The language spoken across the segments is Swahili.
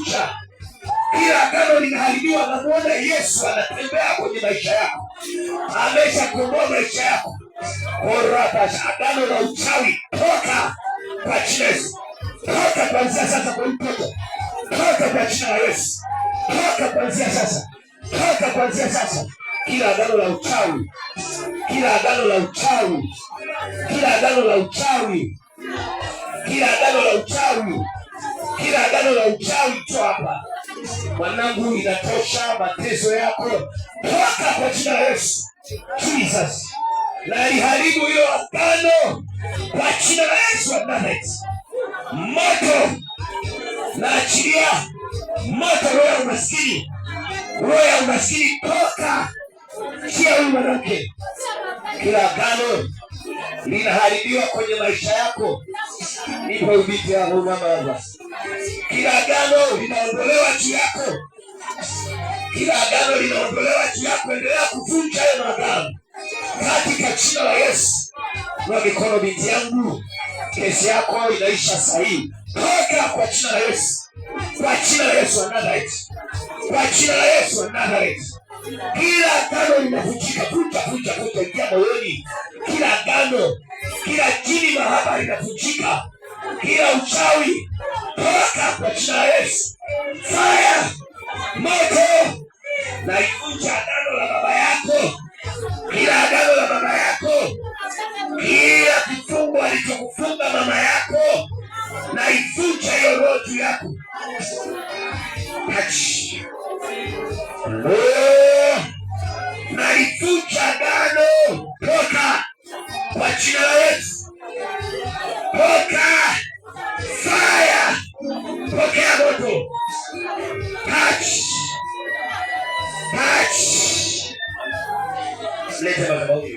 kuvuta, ila agano linaharibiwa na muone Yesu anatembea kwenye maisha yako, ameshakomboa maisha yako. Korabasha, agano la uchawi toka kwa Yesu, toka kwanzia sasa kwa mtoto, toka kwa jina la Yesu, toka kwanzia sasa, toka kwanzia sasa kila agano la uchawi, kila agano la uchawi, kila agano la uchawi, kila agano la uchawi Agano ya uchawi tu hapa, mwanangu, inatosha mateso yako, toka kwa jina la Yesu. Jesus, naiharibu hiyo agano kwa jina la Yesu wa Nazareti. Moto naachilia moto, roho ya umaskini, roho ya umaskini, toka kia huyu mwanamke. Kila agano linaharibiwa kwenye maisha yako, nipe ubiti yangu mama kila agano linaondolewa juu yako, kila agano linaondolewa juu yako. Endelea kuvunja hayo maagano katika jina la Yesu. Na mikono binti yangu, kesi yako inaisha sahihi, toka kwa jina la Yesu, kwa jina la Yesu wa Nazareti, kwa jina la Yesu wa Nazareti. Kila agano linavunjika, vunja vunja vunja, ingia moyoni. Kila agano, kila jini mahaba linavunjika, kila uchawi mamlaka kwa jina la Yesu. Fire moto, naivunja agano la baba yako, kila agano la baba yako, kila kifungo alichokufunga mama yako, naivunja hiyo roho juu yako. Lete madhabahu.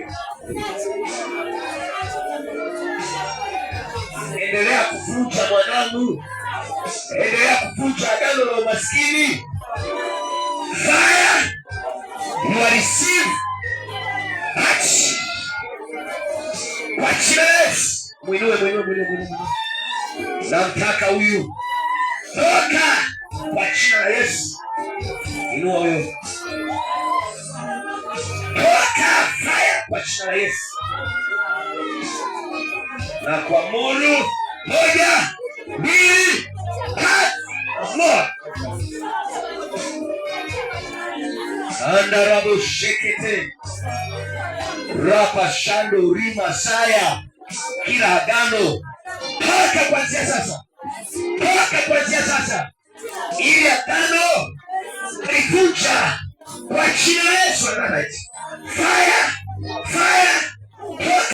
Endelea kuvuta mwanangu, endelea kuvuta agano la umaskini. Fire, you are Achi, wachiles, mwinue, mwinue, mwinue, mwinue. Namtaka huyu toka kwa jina la Yesu, inua wewe toka haya kwa jina la Yesu, na kwa muru moja, mbili, andarabu shekete rapa shando rima saya kila agano toka kuanzia sasa, toka kuanzia sasa, ili agano livunja kwa jina Israelites